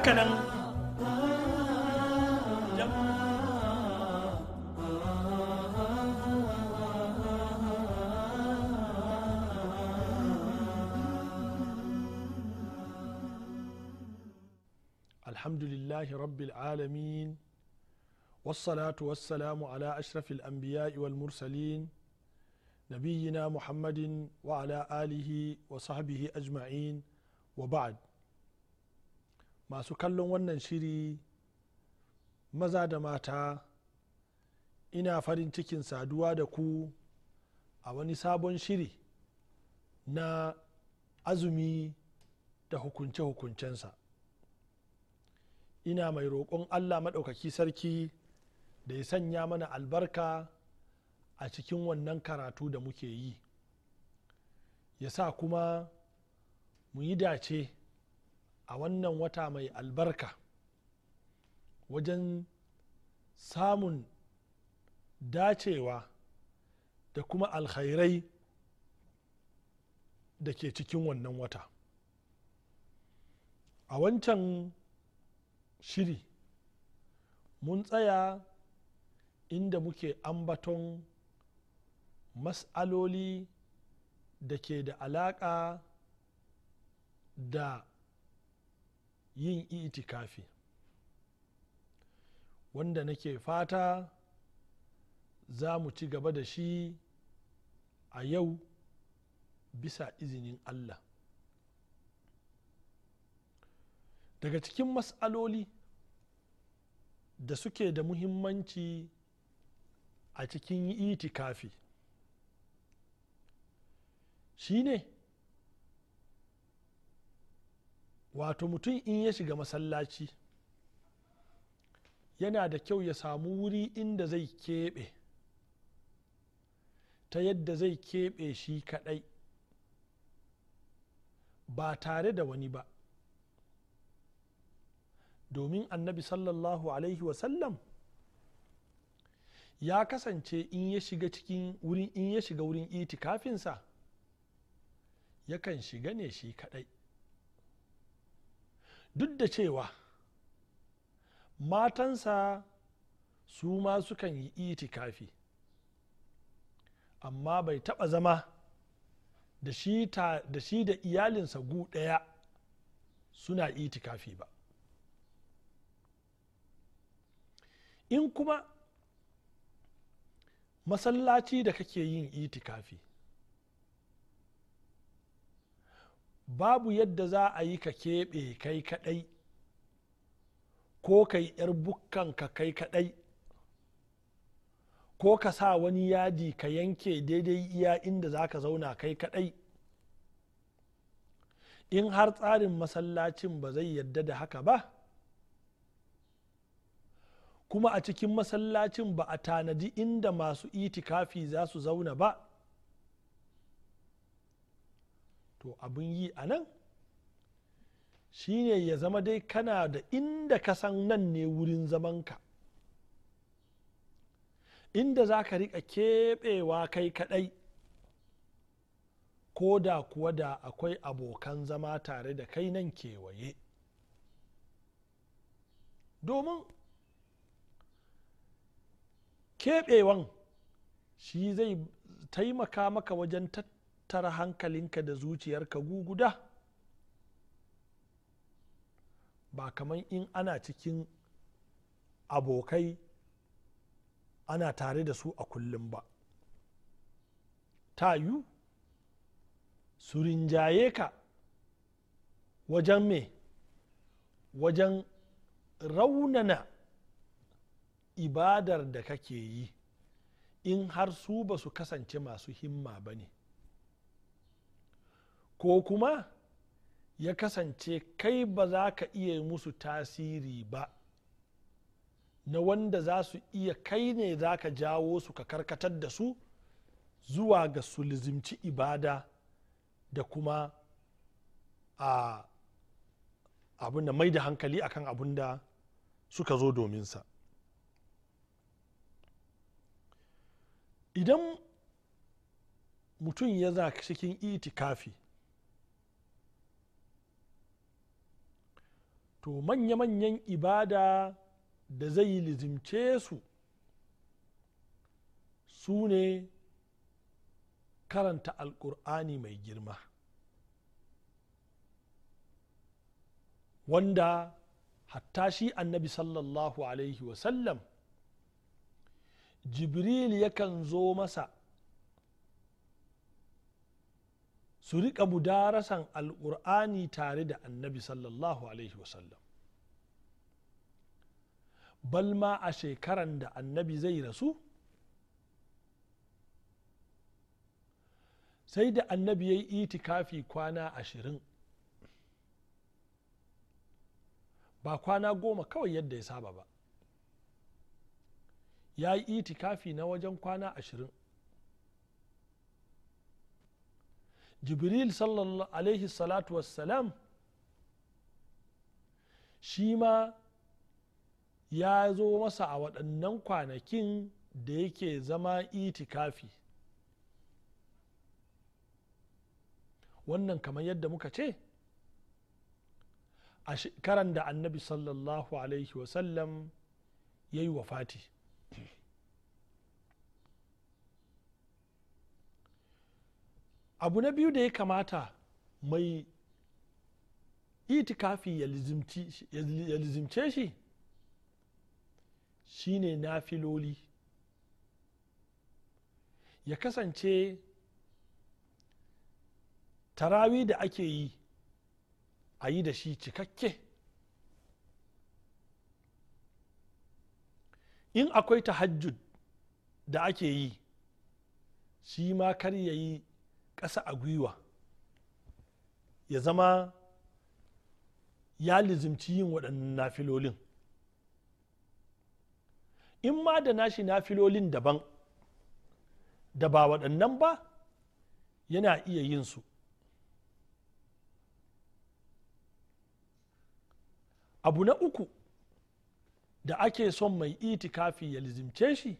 haka nan الحمد لله رب العالمين والصلاة والسلام على أشرف الأنبياء والمرسلين نبينا محمد وعلى آله وصحبه أجمعين وبعد masu kallon wannan shiri maza da mata ina farin cikin saduwa da ku a wani sabon shiri na azumi da hukunce-hukuncensa ina mai roƙon allah maɗaukaki sarki da ya sanya mana albarka a cikin wannan karatu da muke yi ya sa kuma mu yi dace a wannan wata mai albarka wajen samun dacewa da kuma alkhairai da ke cikin wannan wata a wancan shiri mun tsaya inda muke ambaton mas'aloli da ke da alaƙa da yin itikafi wanda nake fata za mu ci gaba da shi a yau bisa izinin allah daga cikin matsaloli da suke da muhimmanci a cikin itikafi ne. wato mutum in ya shiga masallaci yana da kyau ya samu wuri inda zai keɓe ta yadda zai keɓe shi kaɗai ba tare da wani ba domin annabi sallallahu alaihi wasallam ya kasance in ya shiga cikin wurin in ya shiga wurin itikafinsa yakan shiga ne shi kaɗai duk da cewa matansa su ma sukan yi itikafi amma bai taba zama da shi da iyalinsa gu ɗaya suna itikafi ba in kuma masallaci da kake yin itikafi babu yadda za a yi ka keɓe kai kaɗai ko ka yi ‘yar bukkan ka kai kaɗai ko ka sa wani yadi ka yanke daidai iya inda za ka zauna kai kaɗai in har tsarin masallacin ba zai yadda da haka ba kuma a cikin masallacin ba a tanadi inda masu itikafi za su zauna ba to abin yi a nan ne ya zama dai kana da inda ka san nan ne wurin zamanka inda za ka riƙa keɓewa kai kaɗai ko da kuwa da akwai abokan zama tare da kai nan kewaye domin keɓewan shi zai taimaka maka wajen tattalin tattara hankalinka da zuciyarka guguda ba kaman in ana cikin abokai ana tare da su a kullum ba tayu su rinjaye ka wajen me wajen raunana ibadar da kake yi in har su ba su kasance masu himma ba ne ko kuma ya kasance kai ba za ka iya musu tasiri ba na wanda za su iya kai ne za ka jawo su ka karkatar da su zuwa ga sulzimci ibada da kuma a abin da mai da hankali akan abin da suka zo dominsa idan mutum ya za cikin itikafi to manya-manyan ibada da zai lizimce su su ne karanta alkur'ani mai girma wanda hatta shi annabi sallallahu alaihi wasallam jibril yakan zo masa su riƙa mudarasan alƙur'ani tare da annabi sallallahu alaihi wasallam balma a shekaran da annabi zai rasu sai da annabi ya yi itikafi kwana ashirin ba kwana goma kawai yadda ya saba ba ya yi itikafi na wajen kwana ashirin jibril sallallahu alaihi salatu wassalam shi ma ya zo masa a waɗannan kwanakin da yake zama itikafi wannan kamar yadda muka ce a shekaran da annabi sallallahu alaihi wasallam ya yi wafati abu na biyu da ya kamata mai itikafi ya lizimce shi shine filoli. ya kasance tarawi da ake yi a yi da shi cikakke in akwai tahajjud da ake yi shi ma kar ya yi ƙasa a gwiwa ya zama ya lizimci yin waɗannan nafilolin in ma da nashi nafilolin daban da ba waɗannan ba yana iya yin su abu na uku da ake son mai itikafi ya lizimce shi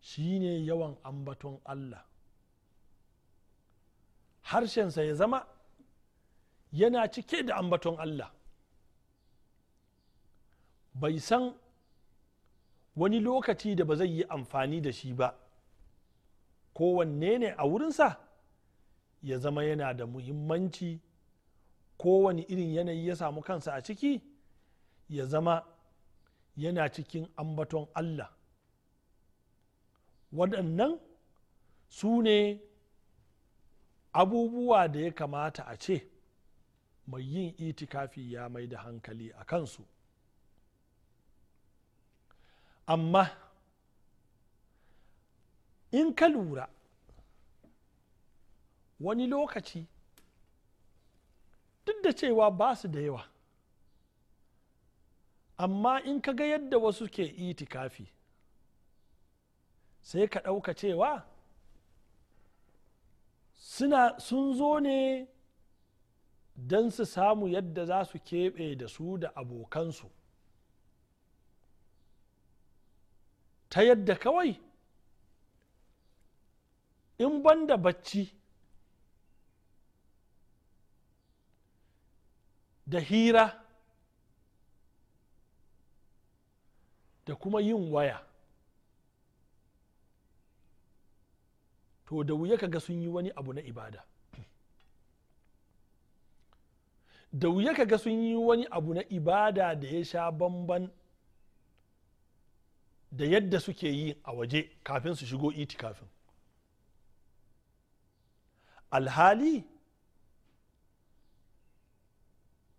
shi ne yawan ambaton allah harshensa ya zama yana cike da ambaton allah bai san wani lokaci da ba zai yi amfani da shi ba kowanne ne a wurinsa ya zama yana da muhimmanci kowane irin yanayi ya samu kansa a ciki ya zama yana cikin ambaton allah waɗannan su ne abubuwa da ya kamata a ce mai yin itikafi ya mai da hankali a kansu amma in ka lura wani lokaci duk da cewa ba su da yawa amma in ka ga yadda wasu ke itikafi sai ka ɗauka cewa suna sun zo ne don su samu yadda za su keɓe da su da abokansu ta yadda kawai in banda bacci da hira da kuma yin waya to da wuya ga sun yi wani abu na ibada da wuya ga sun yi wani abu na ibada da ya sha bamban da yadda suke yi a waje kafin su shigo iti kafin. alhali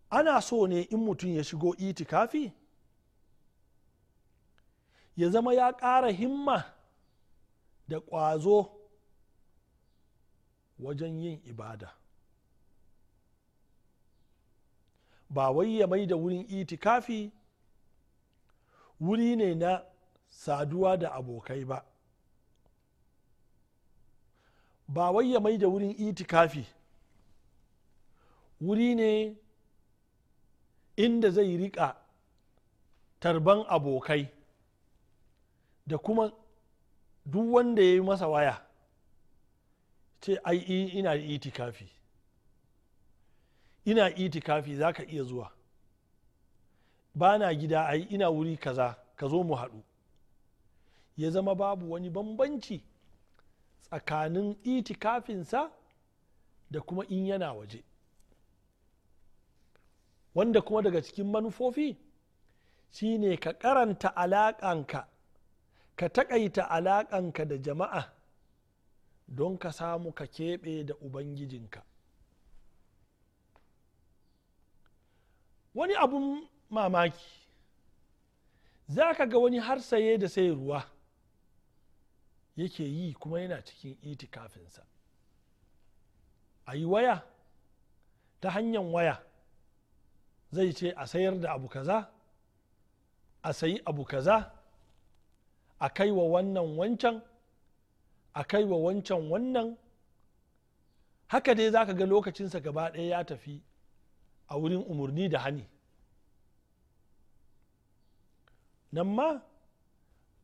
ana so ne in mutum ya shigo iti kafi, ya zama ya ƙara himma da ƙwazo wajen yin ibada ba wai ya mai da wurin itikafi wuri ne na saduwa da abokai ba ba wai ya mai da wurin itikafi wuri ne inda zai rika tarban abokai da kuma duk wanda ya yi masa waya ce ai ina itikafi ina itikafi za ka iya zuwa ba na gida ai ina wuri kaza ka zo mu haɗu ya zama babu wani bambanci tsakanin itikafinsa da kuma in yana waje wanda kuma daga cikin manufofi shine ka karanta alaƙanka ka taƙaita alaƙanka da jama'a don ka samu ka keɓe da ubangijinka wani abun mamaki za ka ga wani har saye da sai ruwa yake yi kuma yana cikin iti kafinsa. a yi waya ta hanyar waya zai ce a sayar da abu kaza a sayi abu kaza a kai wa wannan wancan a kai wa wancan wannan haka dai za ka ga lokacinsa gaba ɗaya ya tafi a wurin umarni da hani nan ma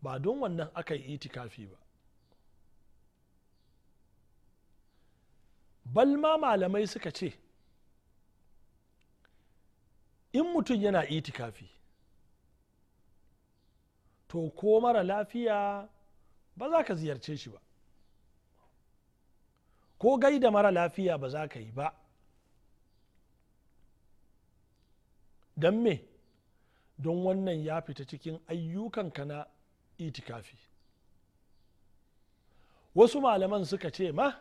ba don wannan aka yi itikafi ba balma malamai suka ce in mutum yana itikafi to ko mara lafiya ba za ka ziyarce shi ba ko gaida mara lafiya ba za ka yi ba don me don wannan ya fita cikin ayyukanka na itikafi wasu malaman suka ce ma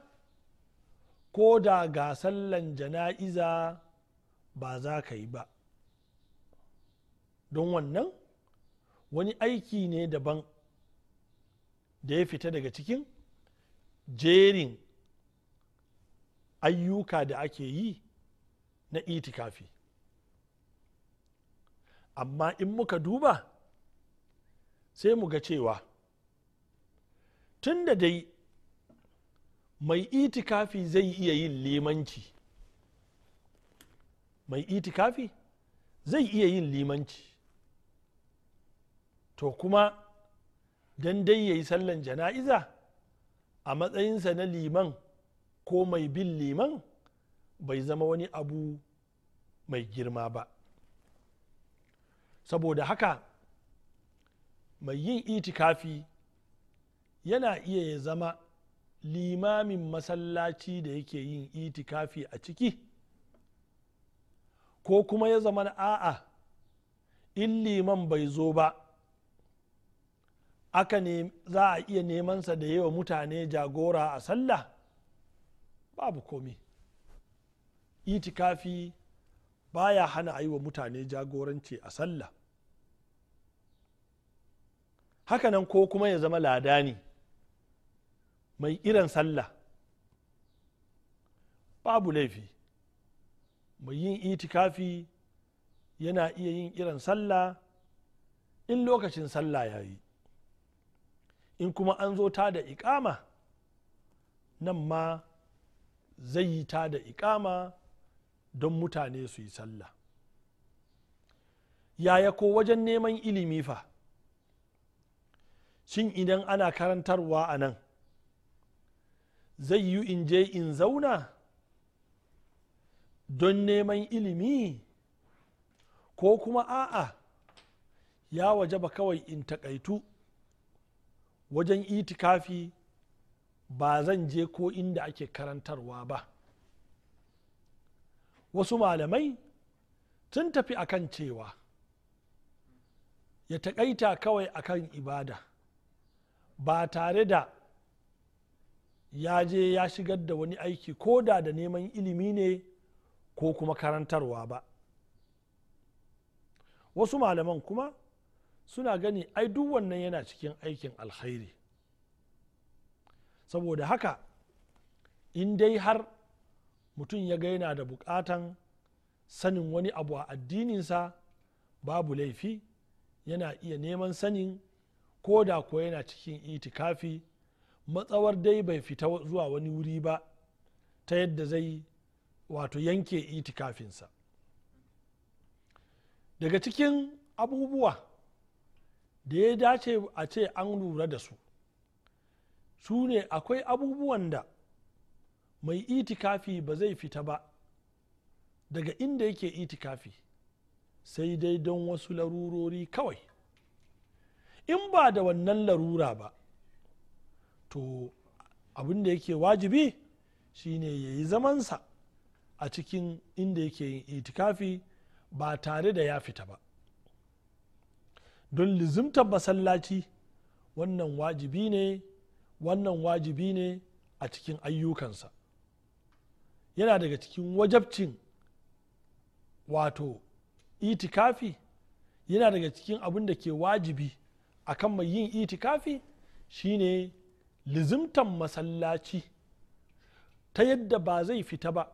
ko da ga sallan jana'iza ba za ka yi ba don wannan wani aiki ne daban da ya fita daga cikin jerin ayyuka da ake yi na itikafi amma in muka duba sai mu ga cewa tun da dai mai itikafi zai iya yin limanci mai itikafi zai iya yin limanci to kuma dan dai ya yi sallan jana'iza a matsayinsa na liman ko mai bin liman bai zama wani abu mai girma ba saboda haka mai yin itikafi yana iya ya zama limamin masallaci da yake yin itikafi a ciki ko kuma ya zama a'a in liman bai zo ba aka za a iya nemansa da yawa mutane jagora a sallah babu komi itikafi baya hana a yi wa mutane jagoranci a sallah hakanan ko kuma ya zama ladani mai irin sallah babu laifi mai yin itikafi yana iya yin irin sallah in lokacin sallah ya yi in kuma an zo ta da ikama nan ma zai yi ta da ikama don mutane su yi sallah yaya ko wajen neman ilimi fa shin idan ana karantarwa a nan zai yi in je in zauna don neman ilimi ko kuma a'a ya waje ba kawai in takaitu wajen itikafi ba zan je ko inda ake karantarwa ba wasu malamai tun tafi akan cewa ya taƙaita kawai akan ibada ba tare da ya je ya shigar da wani aiki ko da da neman ilimi ne ko kuma karantarwa ba wasu malaman kuma suna gani ai duk wannan yana cikin aikin alkhairi saboda haka in dai har mutum ya gaina da bukatan sanin wani abu a addininsa babu laifi yana iya neman sanin ko da kuwa yana cikin itikafi matsawar dai bai fita zuwa wani wuri ba ta yadda zai wato yanke itikafinsa daga cikin abubuwa da ya dace a ce an lura da su su ne akwai abubuwan da mai itikafi ba zai fita ba daga inda yake itikafi sai dai don wasu larurori kawai in ba da wannan larura ba to abin da yake wajibi shine ya yi zamansa a cikin inda yake yin itikafi ba tare da ya fita ba don lizimtar masallaci wannan wajibi ne wannan wajibi ne a cikin ayyukansa yana daga cikin wajabcin wato itikafi yana daga cikin abin da ke wajibi a kan mai yin itikafi shine lizimtan masallaci ta yadda ba zai fita ba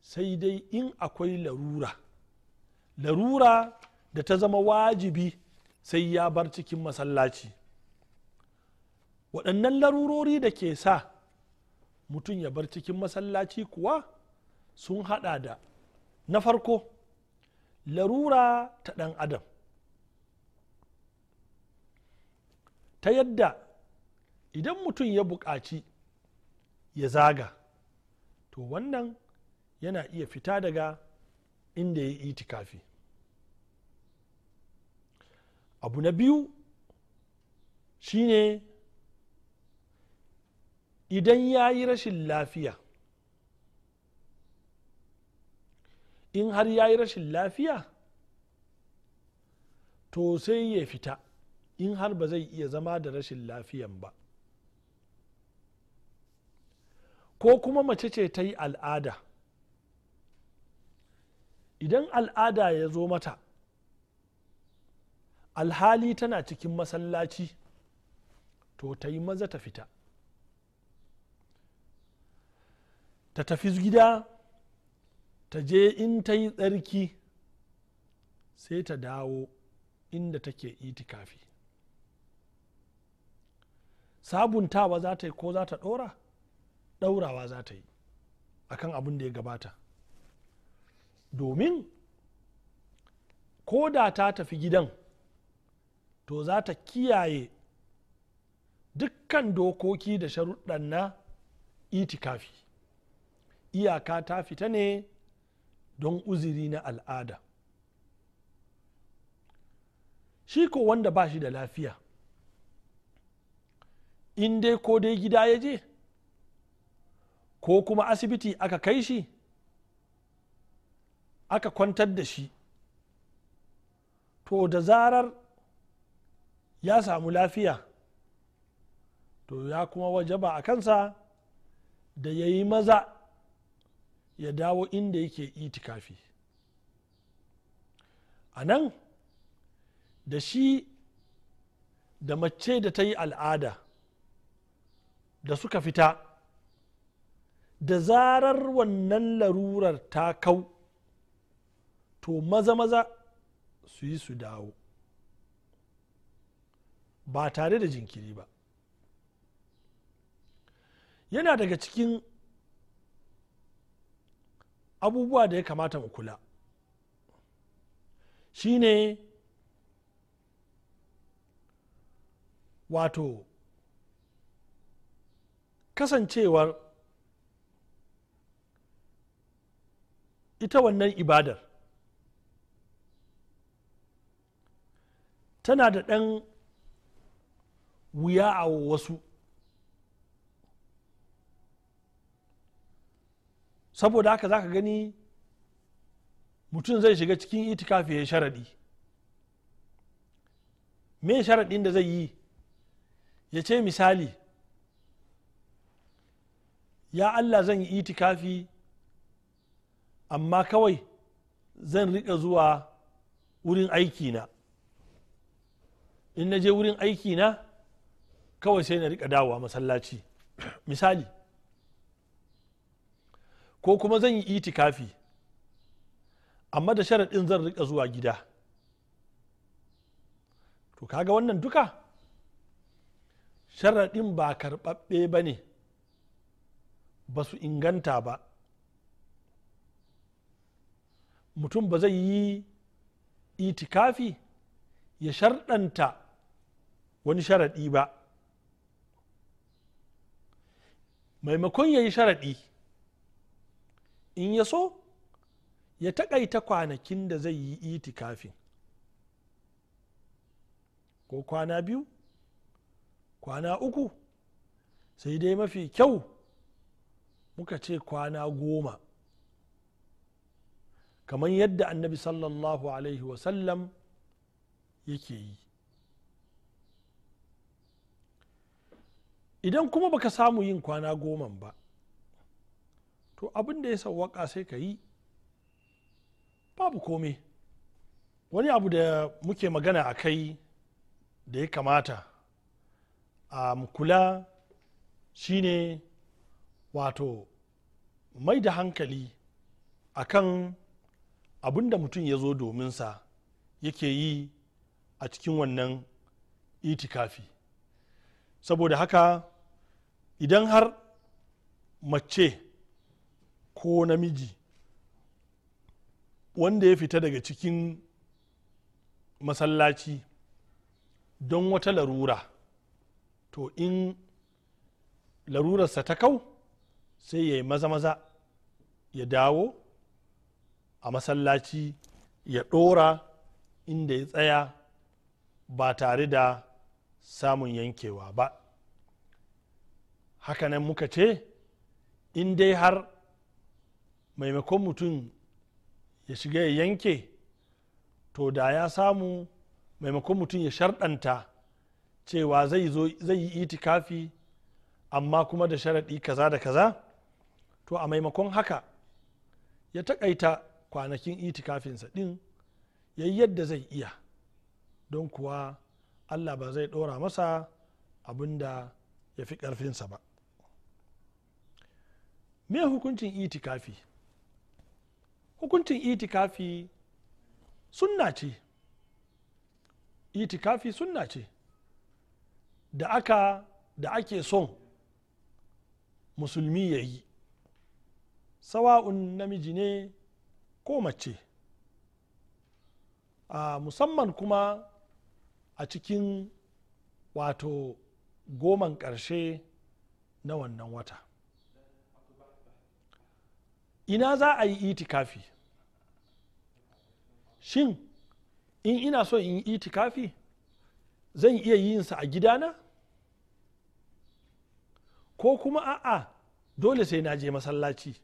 sai dai in akwai larura larura da ta zama wajibi sai ya bar cikin masallaci waɗannan larurori da ke sa mutum ya bar cikin masallaci kuwa sun haɗa da na farko larura ta ɗan adam ta yadda idan mutum ya buƙaci ya zaga to wannan yana iya fita daga inda ya yi itikafi abu na biyu shine idan ya yi rashin lafiya in har ya yi rashin lafiya to sai ya fita in har ba zai iya zama da rashin lafiyan ba ko kuma mace ce ta yi al'ada idan al'ada ya zo mata alhali tana cikin masallaci to ta yi maza ta fita ta tafi gida ta je in ta yi tsarki sai ta dawo inda take itikafi sabuntawa za ta yi ko za ta ɗora ɗaurawa za ta yi a kan abin da ya gabata domin ko da ta tafi gidan to za ta kiyaye dukkan dokoki da sharuɗan na itikafi iyaka ta fita ne don uziri na al'ada shi ko wanda ba shi da lafiya in dai ko dai gida ya je ko kuma asibiti aka kai shi aka kwantar da shi to da zarar ya samu lafiya to ya kuma wajaba a kansa da ya yi maza ya dawo inda yake itikafi a nan da shi da mace da ta yi al'ada da suka fita da zarar wannan larurar ta kau to maza-maza su yi su dawo ba tare da jinkiri ba yana daga cikin abubuwa da ya kamata mu kula shine wato kasancewar ita wannan ibadar tana da ɗan wuya a wasu saboda haka zaka gani mutum zai shiga cikin itikafi ya sharaɗi me sharaɗin da zai yi ya ce misali ya allah zan yi itikafi amma kawai zan riƙa zuwa wurin aikina in na je wurin aikina kawai sai na riƙa dawowa masallaci misali ko kuma zan yi itikafi amma da sharaɗin zan riƙa zuwa gida to kaga wannan duka sharaɗin ba karɓaɓɓe ba ne ba su inganta ba mutum ba zai yi itikafi ya sharɗanta wani sharaɗi ba maimakon ya yi sharaɗi in ya so ya taƙaita kwanakin da zai yi itikafin ko kwana biyu kwana uku sai dai mafi kyau muka ce kwana goma kamar yadda annabi sallallahu alaihi wasallam yake yi idan kuma baka samu yin kwana goman ba to abin da ya sauwaka sai ka yi babu komai wani abu da muke magana a kai da ya kamata a kula shine wato mai da hankali a kan abin da mutum ya zo domin sa yake yi a cikin wannan itikafi saboda haka idan har mace ko namiji wanda ya fita daga cikin masallaci don wata larura to in larurarsa ta kau sai ya yi maza-maza ya dawo a masallaci ya ɗora inda ya tsaya ba tare da samun yankewa ba hakanan muka ce in dai har maimakon mutum ya shiga ya yanke to da ya samu maimakon mutum ya sharɗanta cewa zai yi itikafi amma kuma da sharaɗi kaza da kaza to a maimakon haka ya taƙaita kwanakin itikafinsa ɗin ya yi yadda zai iya don kuwa allah ba zai ɗora masa abin da ya fi ƙarfinsa ba me hukuncin itikafi hukuncin itikafi sunna ce itikafi sunna ce da aka da ake son musulmi ya yi sawa'un namiji ne ko mace a musamman kuma a cikin wato goman ƙarshe na wannan wata ina za a yi itikafi shin in ina so in yi itikafi zan iya yin sa a gidana ko kuma a'a dole sai na je masallaci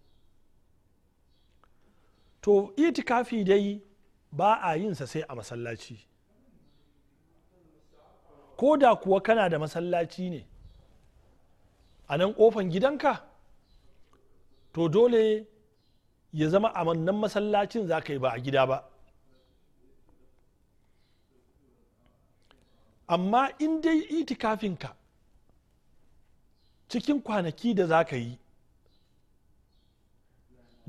to itikafi dai ba a yin sa sai a masallaci ko da kuwa kana da masallaci ne a nan kofan gidanka to dole ya zama a wannan masallacin za ka yi ba a gida ba amma in dai itikafinka cikin kwanaki da za ka yi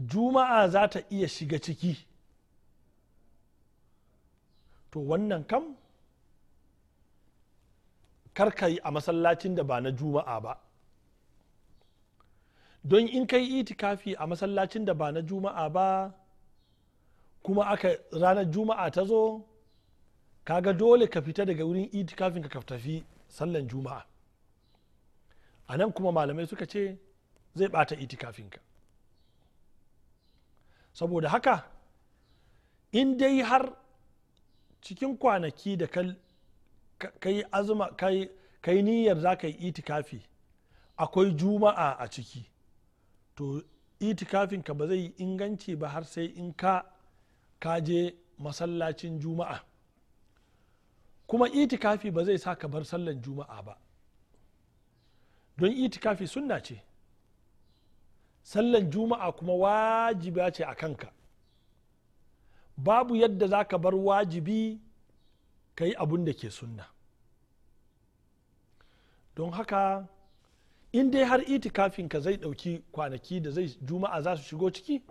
juma'a za ta iya shiga ciki to wannan kam karka yi a masallacin da ba na juma'a ba don in kai itikafi a masallacin da ba na juma'a ba kuma aka ranar juma'a ta zo kaga dole ka fita daga wurin itikafin ka tafi sallan juma'a a nan kuma malamai suka ce zai bata itikafinka saboda haka in dai har cikin kwanaki da kai azuma kai niyyar za ka yi itikafi akwai juma'a a ciki to itikafin ka ba zai yi inganci ba har sai in ka kaje masallacin juma'a kuma itikafi ba zai sa ka bar sallan juma'a ba don itikafi sunna ce sallan juma'a kuma wajiba ce a kanka babu yadda za ka bar wajibi ka yi abun da ke sunna don haka in dai har itikafin ka zai ɗauki kwanaki da zai juma'a za su shigo ciki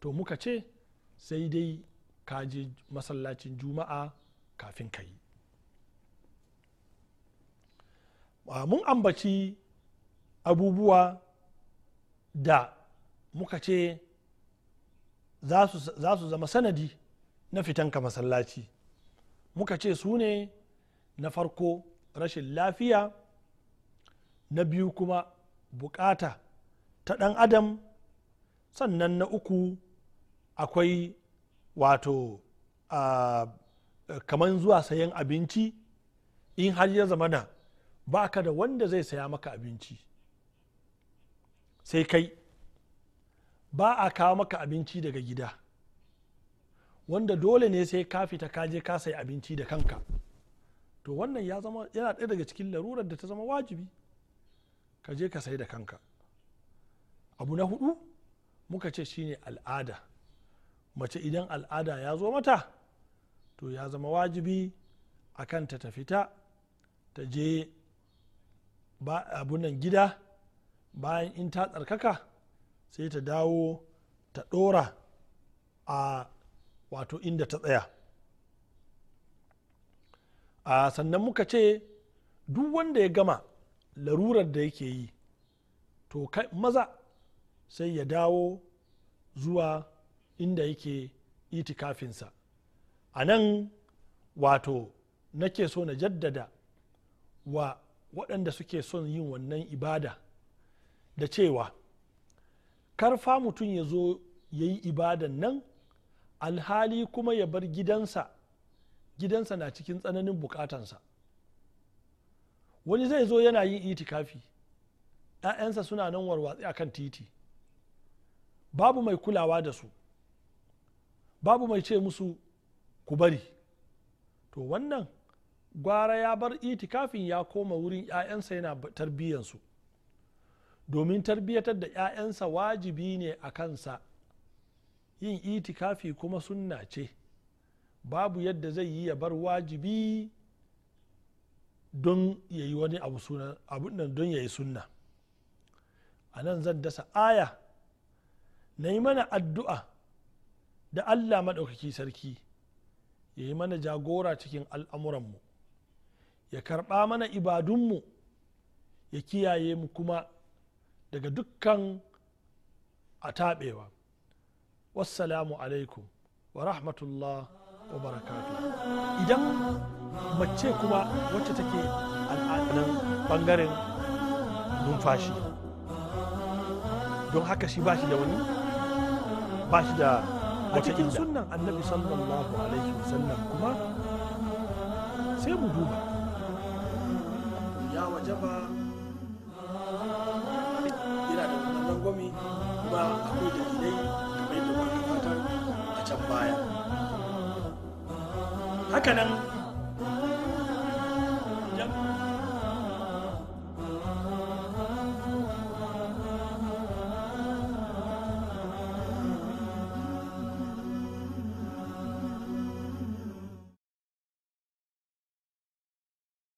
to muka ce sai dai ka je masallacin juma'a kafin ka yi mun ambaci abubuwa da muka ce za su zama sanadi na fitanka masallaci muka ce su ne na farko rashin lafiya na biyu kuma bukata ta ɗan adam sannan na uku akwai wato kamar zuwa sayan abinci in har ya zamana ba ka da wanda zai saya maka abinci sai kai ba a kawo maka abinci daga gida wanda dole ne sai ka fita ka je ka sayi abinci da kanka to wannan ya zama yana ɗaya daga cikin larurar da ta zama wajibi ka je ka sai da kanka abu na hudu muka ce shine al'ada mace idan al'ada ya zo mata to ya zama wajibi a kanta ta fita ta je nan gida bayan in ta tsarkaka sai ta dawo ta dora a wato inda ta tsaya a sannan muka ce duk wanda ya gama larurar da yake yi to maza sai ya dawo zuwa inda yake itikafinsa a nan wato nake so na jaddada wa waɗanda suke son yin wannan ibada da cewa karfa mutum ya zo ya yi ibadan nan alhali kuma ya bar gidansa gidansa na cikin tsananin bukatansa wani zai zo yana yin itikafi 'ya'yansa suna nan warwatsi akan titi babu mai kulawa da su babu mai ce musu ku bari to wannan gwara ya bar itikafin ya koma wurin 'ya'yansa yana tarbiyyansu domin tarbiyyatar da 'ya'yansa wajibi ne a kansa yin itikafi kuma sunna ce babu yadda zai yi ya bar wajibi don ya yi wani abu suna abin nan don ya yi sunna a nan zan dasa aya na yi mana addu'a da allah maɗaukaki sarki ya yi mana jagora cikin al'amuranmu ya karɓa mana ibadunmu ya kiyaye mu kuma daga dukkan a taɓewa wassalamu alaikum wa rahmatullah wa barakatu idan mace kuma wacce take al'adunan bangaren numfashi don haka shi ba shi da wani ba shi da a cikin sunan annabi sallallahu alaihi wasallam kuma sai mu duba ya waje ba yana da wannan rangwami ba akwai dalilai kamar yadda ba a can baya hakanan